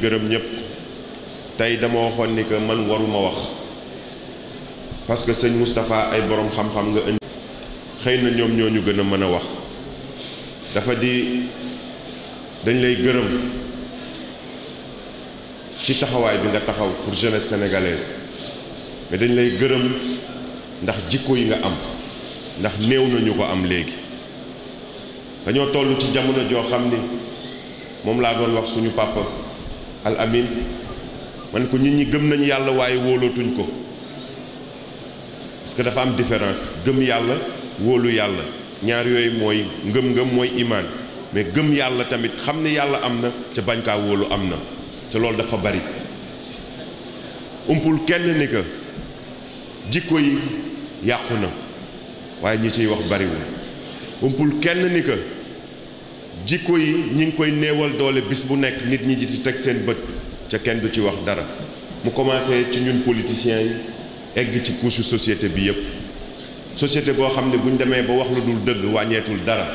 gërëm ñëpp tey dama waxoon ni que man waruma wax parce que sëñ Moustapha ay borom xam-xam nga indi xëy na ñoom ñoo ñu gën a mën a wax dafa di dañ lay gërëm ci taxawaay bi nga taxaw pour jeunesse sénégalaise mais dañ lay gërëm ndax jikko yi nga am ndax néew nañu ko am léegi dañoo toll ci jamono joo xam ni moom laa doon wax suñu papa. al amin man ko nit ñi gëm nañu yàlla waaye wóolootuñ ko parce que dafa am différence gëm yàlla wóolu yàlla ñaar yooyu mooy ngëm-ngëm mooy imaan mais gëm yàlla tamit xam ne yàlla am na ca bañ kaa wóolu am na te loolu dafa bari umpul kenn ni que jikko yi yàqu na waaye ñi ciy wax bariwul umpul kenn ni que jikko yi ñi ngi koy néewal doole bis bu nekk nit ñi di ci teg seen bët ca kenn du ci wax dara mu commencé ci ñun politiciens yi egg ci couche société bi yëpp société boo xam ne bu ñu demee ba wax lu dul dëgg wàññeetul dara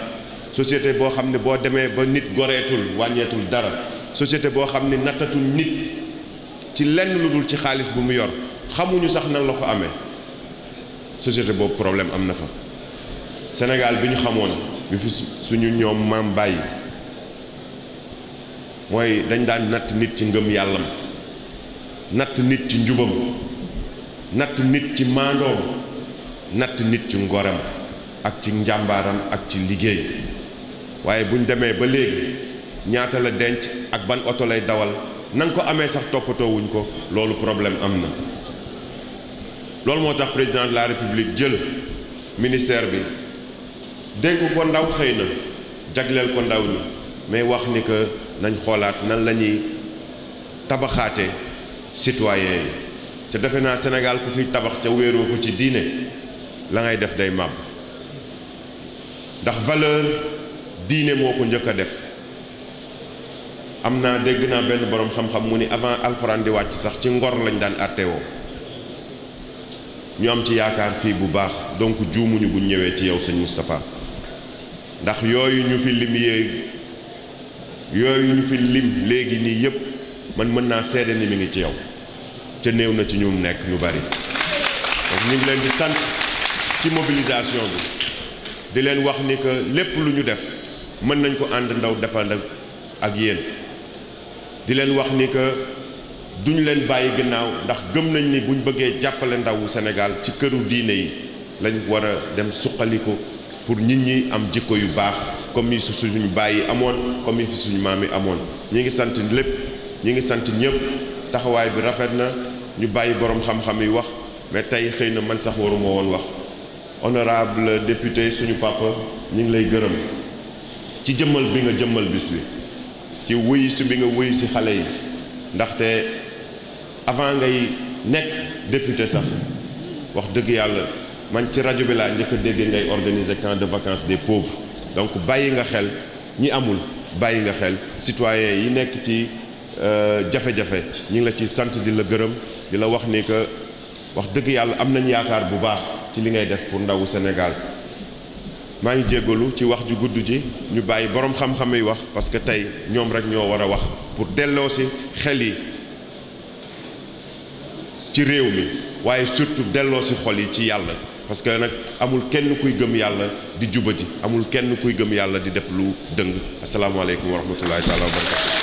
société boo xam ne boo demee ba nit goreetul wàññeetul dara société boo xam ne nattatul nit ci lenn lu dul ci xaalis bu mu yor xamuñu sax na la ko amee société boobu problème am na fa Sénégal bi ñu xamoon bi fi suñu ñoom maam bàyyi mooy dañ daan natt nit ci ngëm yàllam natt nit ci njubam natt nit ci maandoom natt nit ci ngoram ak ci njàmbaaram ak ci liggéey waaye buñ demee ba léegi ñaata la denc ak ban oto lay dawal na ko amee sax toppatoowuñ ko loolu problème am na loolu moo tax président de la république jël ministère bi dégg ko ndaw xëy na jagleel ko ndaw ñi mais wax ni que nañ xoolaat nan la ñuy tabaxaate citoyen yi te defe naa Sénégal ku fiy tabax te wéeroo ko ci diine la ngay def day màbb ndax valeur diine moo ko njëkk a def am naa dégg naa benn boroom xam-xam mu ni avant alxuraan di wàcc sax ci ngor lañ daan àttewoo ñu am ci yaakaar fii bu baax donc juumuñu buñ ñëwee ci yow sëñ Moustapha ndax yooyu ñu fi lim yéeg yooyu ñu fi lim léegi nii yépp man mën naa seede ni mi ngi ci yow ca néew na ci ñum nekk ñu bari donc ni ngi leen di sant ci mobilisation bi di leen wax ni que lépp lu ñu def mën nañ ko ànd ndaw defal ak yéen di leen wax ni que duñu leen bàyyi gannaaw ndax gëm nañ ni buñ bëggee jàppale ndawu Sénégal ci këru diine yi lañ war a dem suqali ko pour nit ñi am jikko yu baax comme yi su suñu bàyyi amoon comme yi fi suñu maam yi amoon ñi ngi sant lépp ñi ngi sant ñëpp taxawaay bi rafet na ñu bàyyi borom xam-xam yi wax mais tey xëy na man sax waruma woon wax la député suñu papa ñu ngi lay gërëm ci jëmmal bi nga jëmmal bis bi ci wuyu si bi nga wuyu si xale yi ndaxte avant ngay nekk député sax wax dëgg yàlla man ci rajo bi laa njëkk a dégg ngay organiser camp de vacances des pauvres donc bàyyi nga xel ñi amul bàyyi nga xel citoyen yi nekk ci euh, jafe-jafe ñi ngi la ci sant di la gërëm di la wax ni que wax dëgg yàlla am nañ yaakaar bu baax ci li ngay def pour ndawu Sénégal maa ngi jéggalu ci wax ju gudd ji ñu bàyyi borom xam-xam wax parce que tey ñoom rek ñoo war a wax pour delloo si xel yi ci réew mi waaye surtout delloo si xol yi ci yàlla parce que nag amul kenn kuy gëm yàlla di jubati amul kenn kuy gëm yàlla di def lu dëng asalaamaaleykum wa rahmatullahi taala wa barakatu